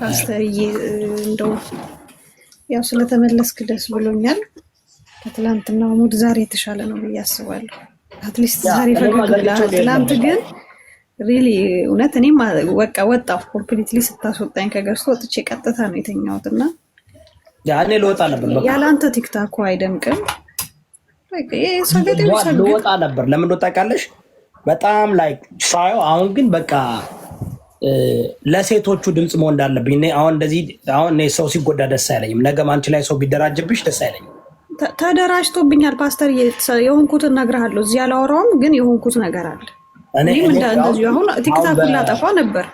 ፓስተርዬ እንደው ያው ስለተመለስክ ደስ ብሎኛል። ከትላንትና ሙድ ዛሬ የተሻለ ነው ብዬ አስባለሁ። አትሊስት ዛሬ ፈገግ ብለሃል። ትላንት ግን ሪሊ እውነት እኔም ወቃ ወጣሁ። ኮምፕሊትሊ ስታስወጣኝ ከገዝቶ ወጥቼ ቀጥታ ነው የተኛሁት እና ያኔ ልወጣ ነበር። ያለ አንተ ቲክታኩ አይደምቅም። ልወጣ ነበር። ለምን ወጣ ቃለሽ በጣም ላይ ሳየው አሁን ግን በቃ ለሴቶቹ ድምፅ መሆን እንዳለብኝ አሁን እንደዚህ አሁን ሰው ሲጎዳ ደስ አይለኝም። ነገም አንቺ ላይ ሰው ቢደራጅብሽ ደስ አይለኝም። ተደራጅቶብኛል ፓስተር፣ የሆንኩት እነግርሃለሁ። እዚህ አላወራውም፣ ግን የሆንኩት ነገር አለ። እኔም እንደዚሁ አሁን ቲክታክ ላጠፋ ነበር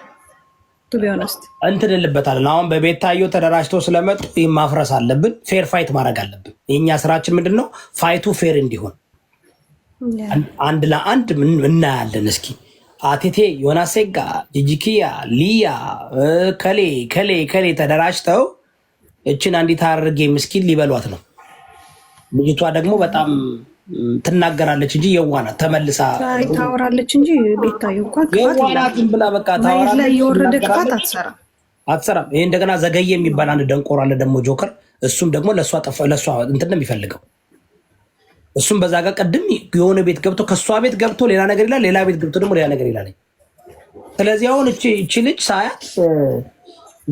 እንትን ልበታለን። አሁን በቤታየው ተደራጅቶ ስለመጡ ማፍረስ አለብን። ፌር ፋይት ማድረግ አለብን። የእኛ ስራችን ምንድን ነው? ፋይቱ ፌር እንዲሆን አንድ ለአንድ እናያለን እስኪ አቴቴ፣ ዮናሴጋ ሴጋ፣ ጂጂኪያ፣ ሊያ ከሌ ከሌ ከሌ ተደራጅተው እችን አንዲት አርጌ ምስኪን ሊበሏት ነው። ልጅቷ ደግሞ በጣም ትናገራለች እንጂ የዋናት ተመልሳ ታወራለች እንጂ የዋናትን ብላ በቃ ታወራለች። የወረደ ክፋት አትሰራም። ይህ እንደገና ዘገየ የሚባል አንድ ደንቆሮ አለ ደግሞ ጆከር። እሱም ደግሞ ለእሷ እንትን ነው የሚፈልገው እሱም በዛ ጋር ቅድም የሆነ ቤት ገብቶ ከእሷ ቤት ገብቶ ሌላ ነገር ይላል፣ ሌላ ቤት ገብቶ ደግሞ ሌላ ነገር ይላል። ስለዚህ አሁን እቺ ልጅ ሳያት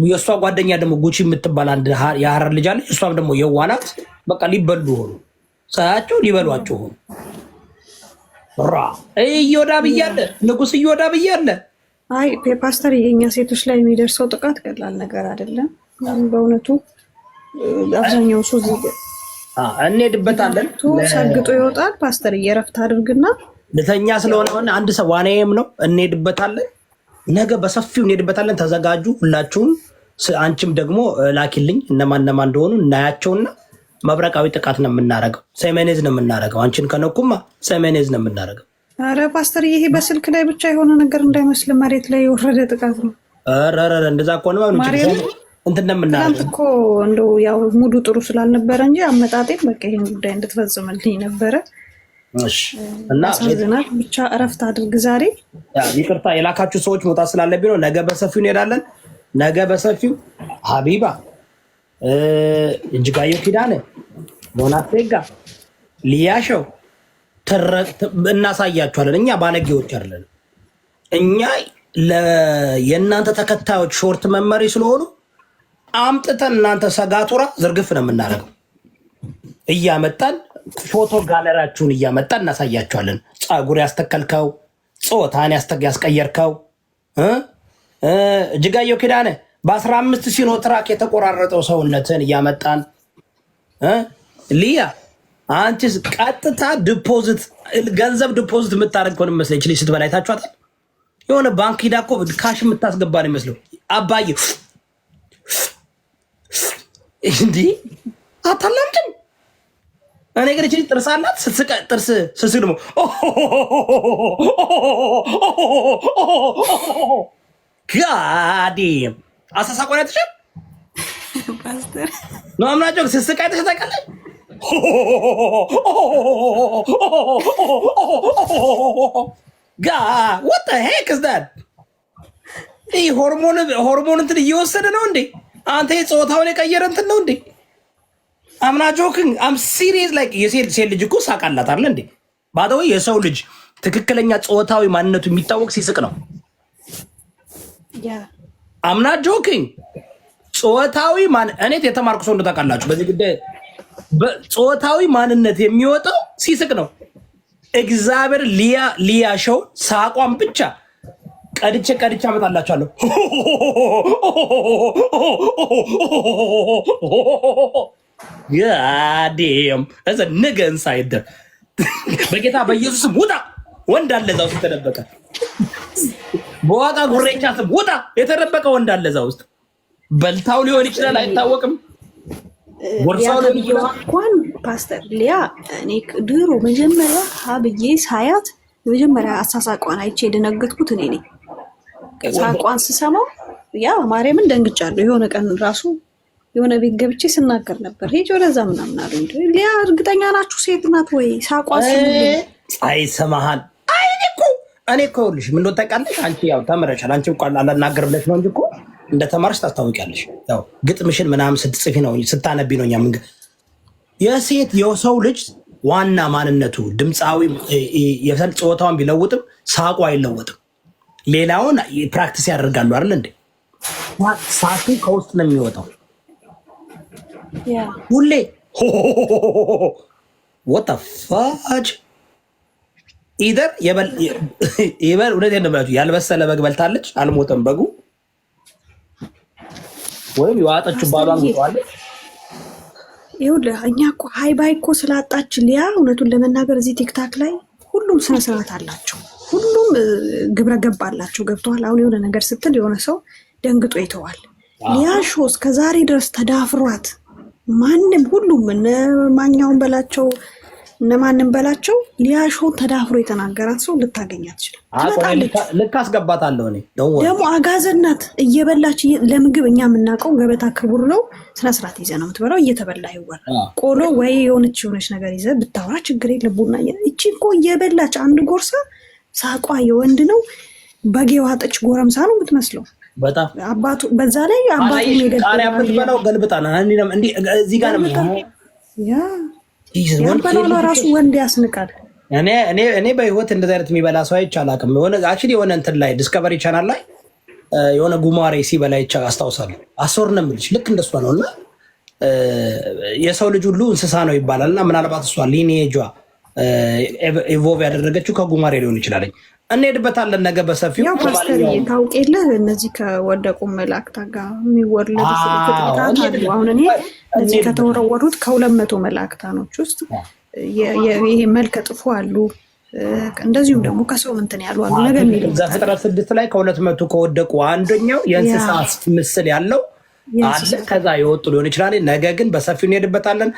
የእሷ ጓደኛ ደግሞ ጉቺ የምትባል አንድ የሀረር ልጅ አለች። እሷም ደግሞ የዋናት በቃ ሊበሉ ሆኑ፣ ሳያቸው ሊበሏቸው ሆኑ። ራ እዮዳ ብያለ ንጉስ እዮዳ ብያለ። አይ ፓስተር፣ የኛ ሴቶች ላይ የሚደርሰው ጥቃት ቀላል ነገር አይደለም። በእውነቱ አብዛኛው ሰው እንሄድበታለን። ሰግጦ ይወጣል። ፓስተር እየረፍት አድርግና ልተኛ ስለሆነ ሆነ አንድ ሰው ዋናዬም ነው። እንሄድበታለን። ነገ በሰፊው እንሄድበታለን። ተዘጋጁ ሁላችሁም። አንቺም ደግሞ ላኪልኝ እነማን እነማን እንደሆኑ እናያቸውና መብረቃዊ ጥቃት ነው የምናደርገው። ሰሜኔዝ ነው የምናደርገው። አንቺን ከነኩማ ሰሜኔዝ ነው የምናደርገው። አረ ፓስተር፣ ይሄ በስልክ ላይ ብቻ የሆነ ነገር እንዳይመስል መሬት ላይ የወረደ ጥቃት ነው። ረረ እንደዛ ከሆነ እንትን እኮ እንደ ያው ሙዱ ጥሩ ስላልነበረ እንጂ አመጣጤም በቃ ይሄን ጉዳይ እንድትፈጽምልኝ ነበረ። እና ብቻ እረፍት አድርግ ዛሬ። ይቅርታ የላካችሁ ሰዎች መውጣት ስላለብኝ ነው። ነገ በሰፊው እንሄዳለን። ነገ በሰፊው ሀቢባ፣ እጅጋየሁ ኪዳነ፣ ሞናቴጋ ሊያሸው እናሳያችኋለን። እኛ ባለጌዎች አይደለን። እኛ የእናንተ ተከታዮች ሾርት መመሪ ስለሆኑ አምጥተን እናንተ ሰጋቱራ ዝርግፍ ነው የምናደርገው። እያመጣን ፎቶ ጋለራችሁን እያመጣን እናሳያችኋለን። ፀጉር ያስተከልከው፣ ፆታን ያስቀየርከው እጅጋየው ኪዳነ በአስራ አምስት ሲኖ ትራክ የተቆራረጠው ሰውነትን እያመጣን ሊያ አንቺ ቀጥታ ዲፖዚት ገንዘብ ዲፖዚት የምታደርግ ከሆነ መስለች ስትበላይ የሆነ ባንክ ሂዳ እኮ ካሽ የምታስገባ ነው ይመስለው አባዬ እንዲህ አታላምጭም። እኔ ግን እችን ጥርስ አላት። ጥርስ ስስቅ ደግሞ ጋዴም አሳሳቆን አይተሻል። አምናጮ ስስቅ አይተሻ ታውቃለች። ጋ ወጣ ሄክ ዝዳል ሆርሞን እንትን እየወሰደ ነው እንዴ? አንተ የጾታውን የቀየረ እንትን ነው እንዴ? አምና ጆክን አም ሲሪየስ ላይክ የሴት ሴት ልጅ እኮ ሳቃላት አለ እንዴ? ባደው የሰው ልጅ ትክክለኛ ጾታዊ ማንነቱ የሚታወቅ ሲስቅ ነው። አምና ጆክን ጾታዊ ማን እኔ የተማርኩ ሰው እንደታውቃላችሁ በዚህ ጉዳይ ጾታዊ ማንነት የሚወጣው ሲስቅ ነው። እግዚአብሔር ሊያ ሊያሸው ሳቋም ብቻ ቀድቼ ቀድቼ አመጣላችኋለሁ። ጋዴም እዘ ነገ እንሳይደ በጌታ በኢየሱስም ውጣ። ወንድ አለ እዛ ውስጥ የተደበቀ በዋጋ ጉሬቻ ስም ውጣ። የተደበቀ ወንድ አለ እዛ ውስጥ በልታው ሊሆን ይችላል፣ አይታወቅም። ቦርሳው ሊሆን ይችላል። እንኳን ፓስተር ሊያ እኔ ድሮ መጀመሪያ ሀብዬ ሳያት የመጀመሪያ አሳሳቋን አይቼ የደነገጥኩት እኔ ነኝ። ሳቋን ስሰማው ያ ማርያምን ደንግጫለሁ። የሆነ ቀን ራሱ የሆነ ቤት ገብቼ ስናገር ነበር ሄጅ ወደዛ ምናምን አሉ። ሊያ እርግጠኛ ናችሁ ሴት ናት ወይ? ሳቋ አይ ሰማሃል። አይ እኔ እኮ እኔ ይኸውልሽ ምን እንደሆነ ታውቂያለሽ አንቺ ያው ተምረሻል። አንቺ እንኳን አላናገር ብለሽ ነው እንጂ እኮ እንደ ተማርሽ ታስታውቂያለሽ። ያው ግጥምሽን ምናምን ስትጽፊ ነው ስታነቢ ነው እኛ ምንግ የሴት የሰው ልጅ ዋና ማንነቱ ድምፃዊ የሰል ጾታውን ቢለውጥም ሳቋ አይለወጥም። ሌላውን ፕራክቲስ ያደርጋሉ አይደል እንዴ? ሳቱ ከውስጥ ነው የሚወጣው። ሁሌ ወጣ ኢደር ይበል። እውነት ነው ያልበሰለ በግ በልታለች፣ አልሞተም በጉ ወይም የዋጠች ባሏን ጉጠዋለች። ይኸውልህ እኛ እኮ ሀይ ባይ እኮ ስላጣች ሊያ፣ እውነቱን ለመናገር እዚህ ቲክታክ ላይ ሁሉም ስነስርዓት አላቸው። ሁሉም ግብረ ገብ አላቸው። ገብተዋል። አሁን የሆነ ነገር ስትል የሆነ ሰው ደንግጦ ይተዋል። ሊያሾ እስከ ዛሬ ድረስ ተዳፍሯት ማንም ሁሉም እነ ማኛውን በላቸው እነ ማንም በላቸው ሊያሾ ተዳፍሮ የተናገራት ሰው ልታገኝ አትችልም። ልክ አስገባታለሁ። ደግሞ አጋዘናት እየበላች ለምግብ እኛ የምናውቀው ገበታ ክቡር ነው፣ ስነስርዓት ይዘ ነው የምትበላው። እየተበላ ይወር ቆሎ ወይ የሆነች የሆነች ነገር ይዘ ብታወራ ችግር የለም። ቡና እኮ እየበላች አንድ ጎርሳ ሳቋ የወንድ ነው። በግ የዋጠች ጎረምሳ ነው የምትመስለው። በጣም አባቱ በዛ ላይ አባቱ ቃሪያ ብትበላው ገልብጣ እዚህ ጋር ነው ራሱ ወንድ ያስንቃል። እኔ በህይወት እንደዚህ አይነት የሚበላ ሰው አይቼ አላውቅም። አክቹዋሊ የሆነ እንትን ላይ ዲስከቨሪ ቻናል ላይ የሆነ ጉማሬ ሲበላ ይቻ አስታውሳለሁ። አስወር ነው የምልሽ ልክ እንደሷ ነው። እና የሰው ልጅ ሁሉ እንስሳ ነው ይባላል። እና ምናልባት እሷ ሊኔጇ ኢቮቭ ያደረገችው ከጉማሬ ሊሆን ይችላለኝ። እንሄድበታለን ነገ በሰፊው ታውቅ የለ እነዚህ ከወደቁ መላእክት ጋ የሚወለዱ ፍጥረታት አሉ። አሁን እኔ እነዚህ ከተወረወሩት ከሁለት መቶ መላእክታኖች ውስጥ ይሄ መልከ ጥፎ አሉ እንደዚሁም ደግሞ ከሰው ምንትን ያሉ አሉ። ነገ እዛ ፍጥረት ስድስት ላይ ከሁለት መቶ ከወደቁ አንደኛው የእንስሳ ምስል ያለው አለ። ከዛ የወጡ ሊሆን ይችላል። ነገ ግን በሰፊው እንሄድበታለን።